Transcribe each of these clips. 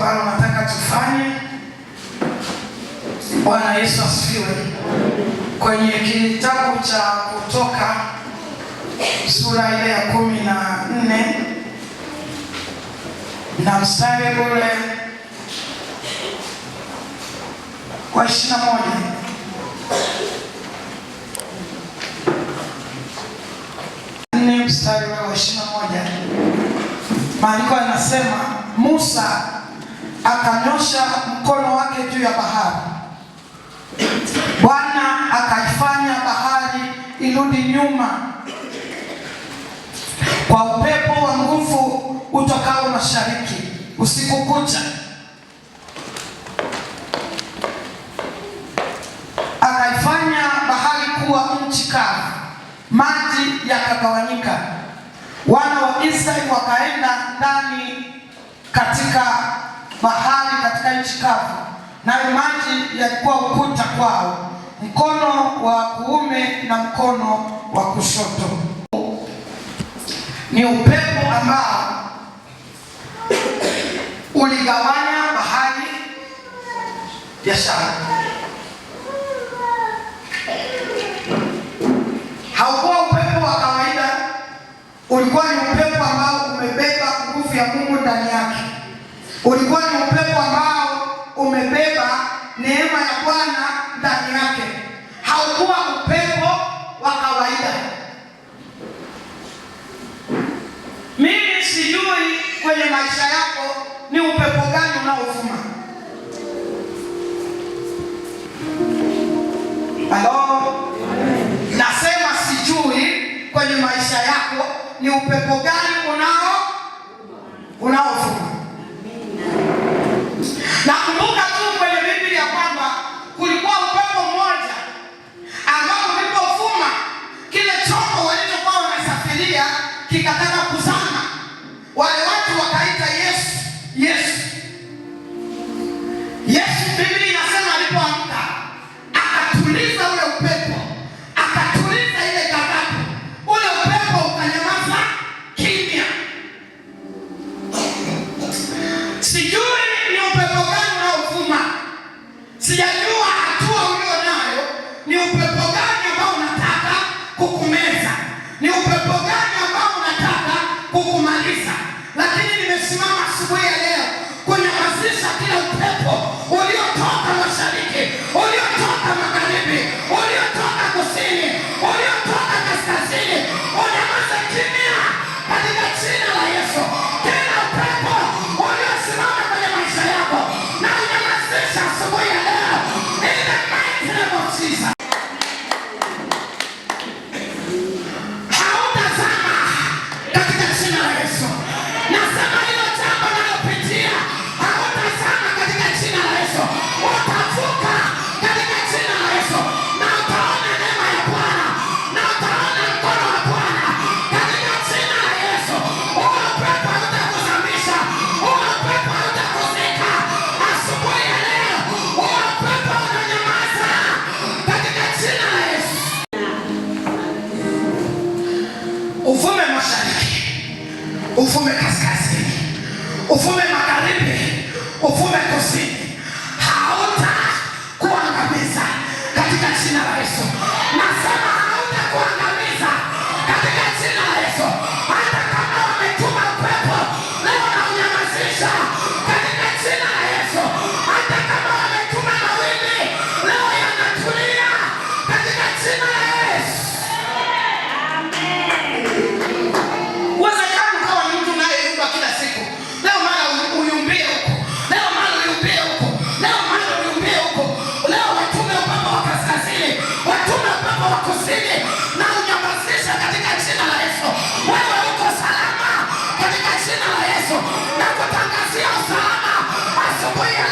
ambalo nataka tufanye. Bwana Yesu asifiwe. Kwenye kitabu cha Kutoka sura ile ya kumi na nne na mstari ule wa ishirini na moja mstari wa ishirini na moja maandiko yanasema Musa akanyosha mkono wake juu ya bahari. Bwana akaifanya bahari irudi nyuma kwa upepo wa nguvu utokao mashariki usiku kucha. Akaifanya bahari kuwa nchi kavu, maji yakagawanyika, wana wa Israeli wakaenda ndani katika bahari katika nchi kavu, nayo maji yalikuwa ukuta kwao, mkono wa kuume na mkono wa kushoto. Ni upepo ambao uligawanya bahari ya Shamu. Haukuwa upepo wa kawaida, ulikuwa ni upepo ambao umebeba nguvu ya Mungu ndani yake. Ulikuwa ni upepo ambao umebeba neema ya Bwana ndani yake, haukuwa upepo wa kawaida. Mimi sijui kwenye maisha yako ni upepo gani unaofuma. Halo, nasema sijui kwenye maisha yako ni upepo gani unao unaofuma Nakumbuka tu kwenye Biblia kwamba kulikuwa upepo mmoja ambao ulipofuma kile chombo walichokuwa wanasafiria kikataka kuzama wale ufume kaskazini, ufume magharibi, ufume kusini. Wait,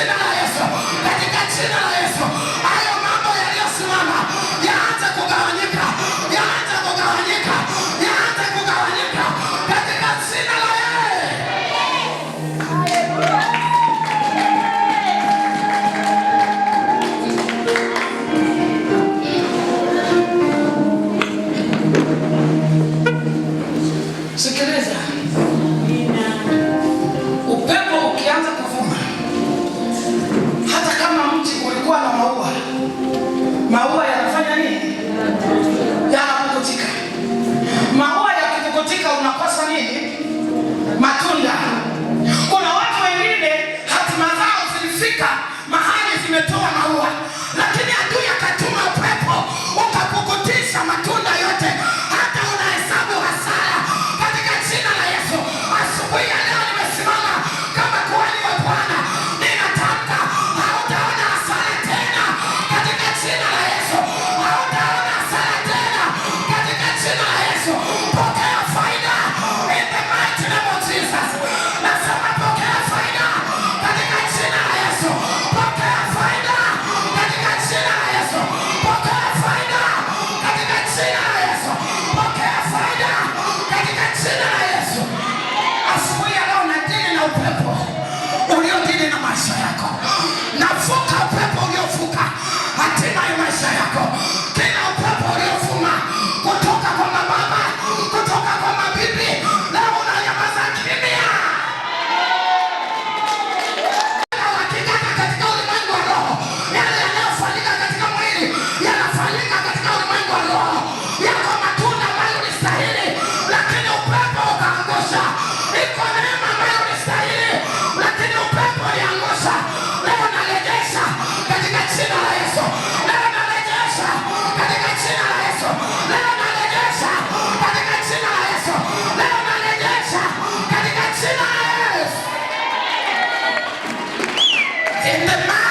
jina la Yesu, katika jina la Yesu. in the mouth.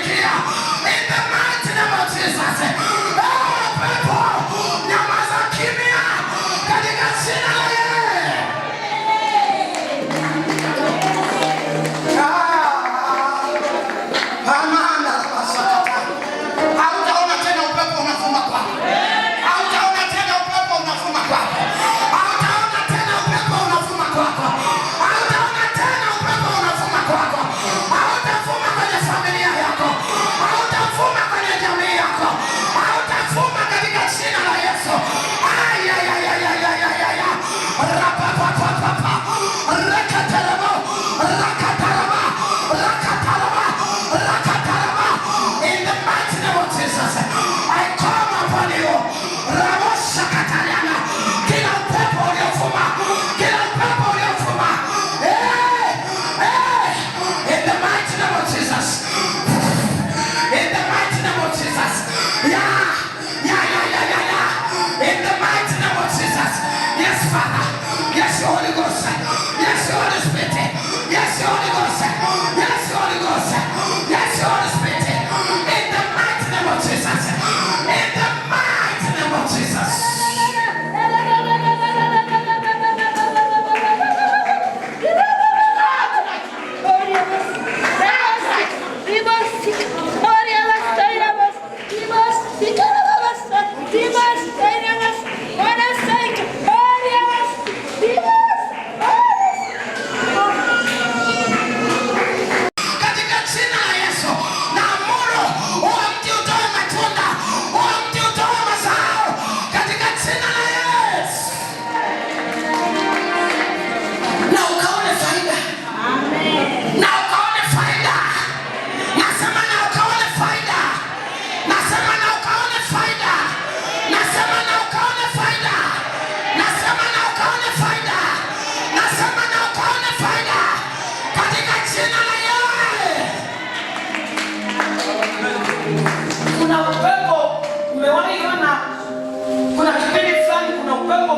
kusikia in the mighty name of Jesus. Eh, pepo nyamaza kimya katika jina la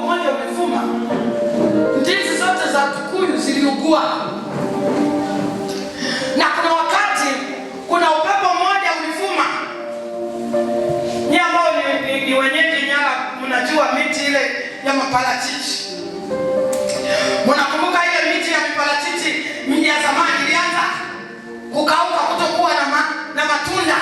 moja umevuma, ndizi zote za tukuyu ziliugua. Na kuna wakati kuna upepo mmoja ulivuma, ni ambao ni wenyeji Nyala, mnajua miti ile ya maparachichi. Mnakumbuka ile miti ya miparachichi ya zamani ilianza kukauka kutokuwa na, ma, na matunda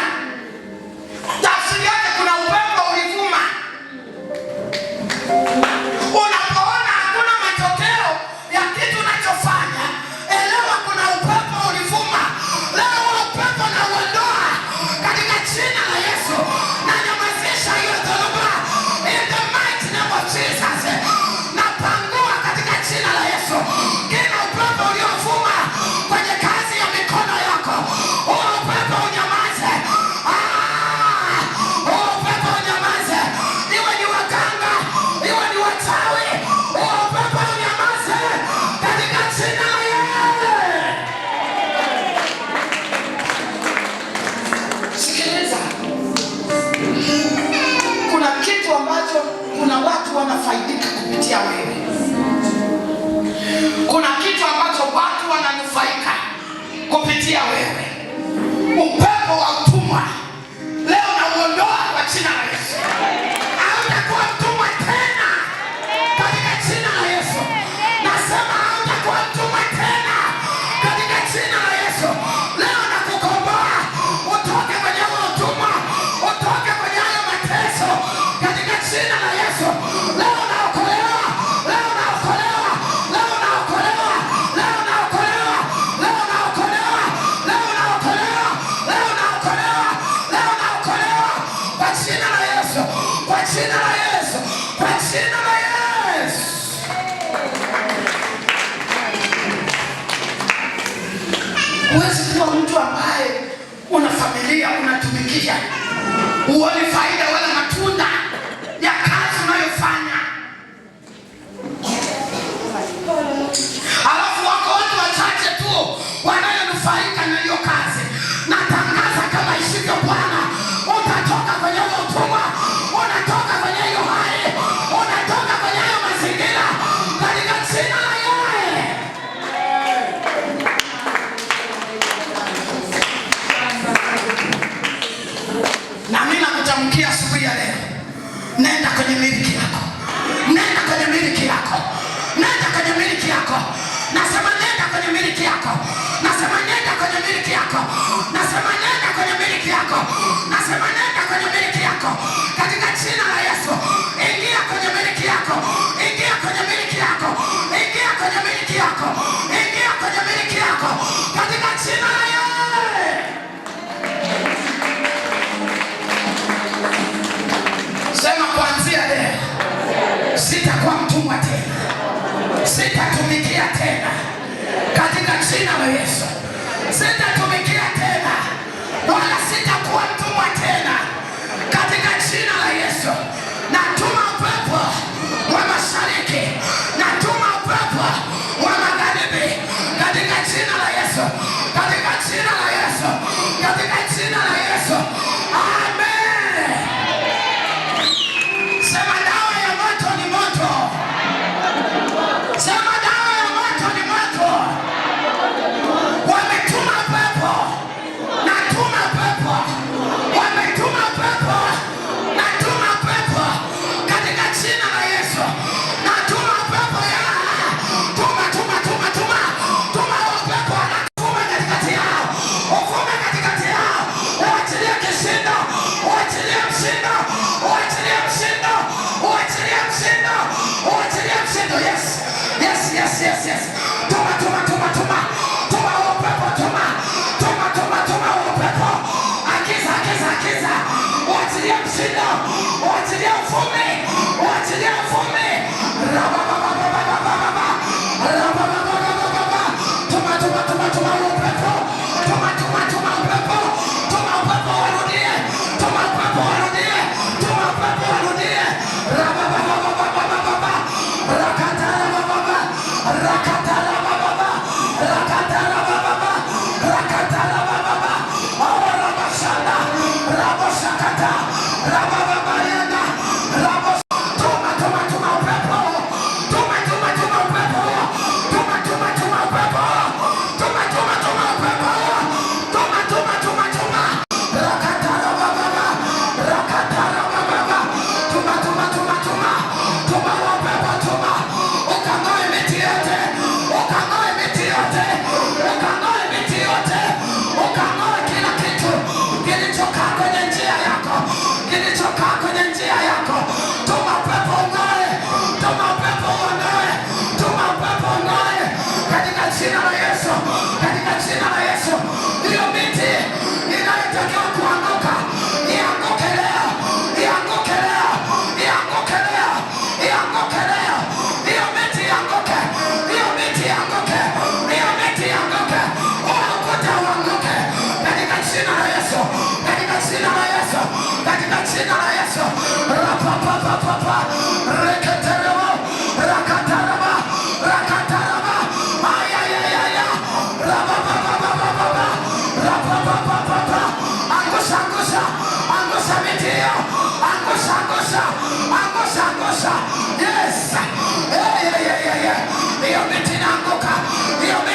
tocar. eu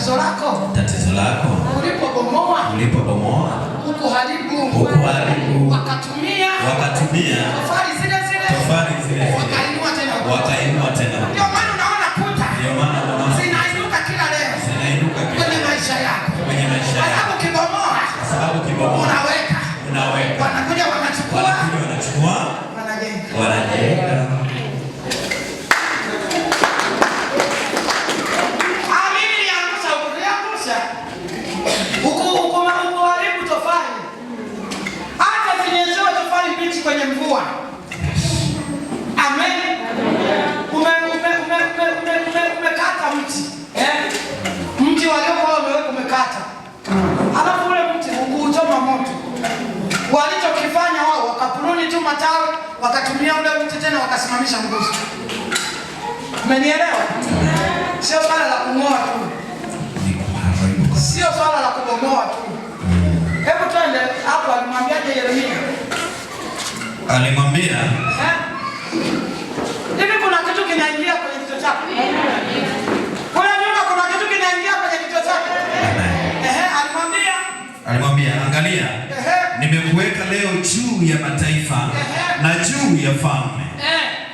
tatizo lako, tatizo lako ulipobomoa, ulipobomoa, ukuharibu, ukuharibu, wakatumia, wakatumia tofali zile zile, tofali zile zile, wakainua tena, wakainua kumsimamisha nguvu. Umenielewa? Sio swala la kung'oa tu, sio swala la kubomoa tu. Hebu twende hapo, alimwambiaje Yeremia? Alimwambia eh? hivi, kuna kitu kinaingia kwenye kichwa chako, kuna kitu kinaingia kwenye kichwa chako. alimwambia alimwambia, angalia, nimekuweka leo juu ya mataifa na juu ya famu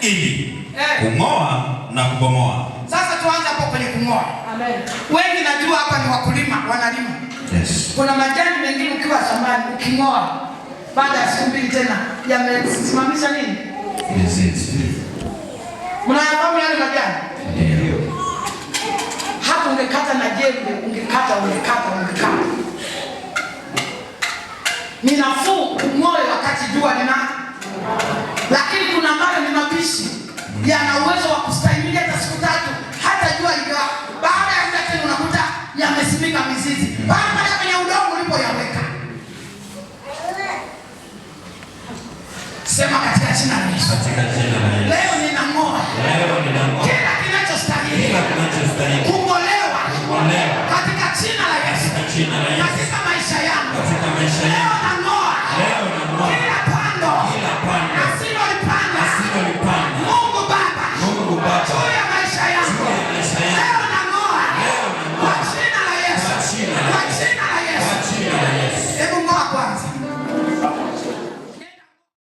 ili eh, kung'oa na kubomoa. Sasa tuanze hapo kwenye kung'oa. Amen. Wengi najua hapa ni wakulima wanalima. Yes. Kuna majani mengine ukiwa shambani uking'oa baada ya siku mbili tena yamesimamisha nini? Mizizi. Mnayafahamu yale majani? Ndio. Hapo ungekata na jembe, ungekata, ungekata, ungekata. Ni nafuu kung'oa wakati jua lina lakini kuna mara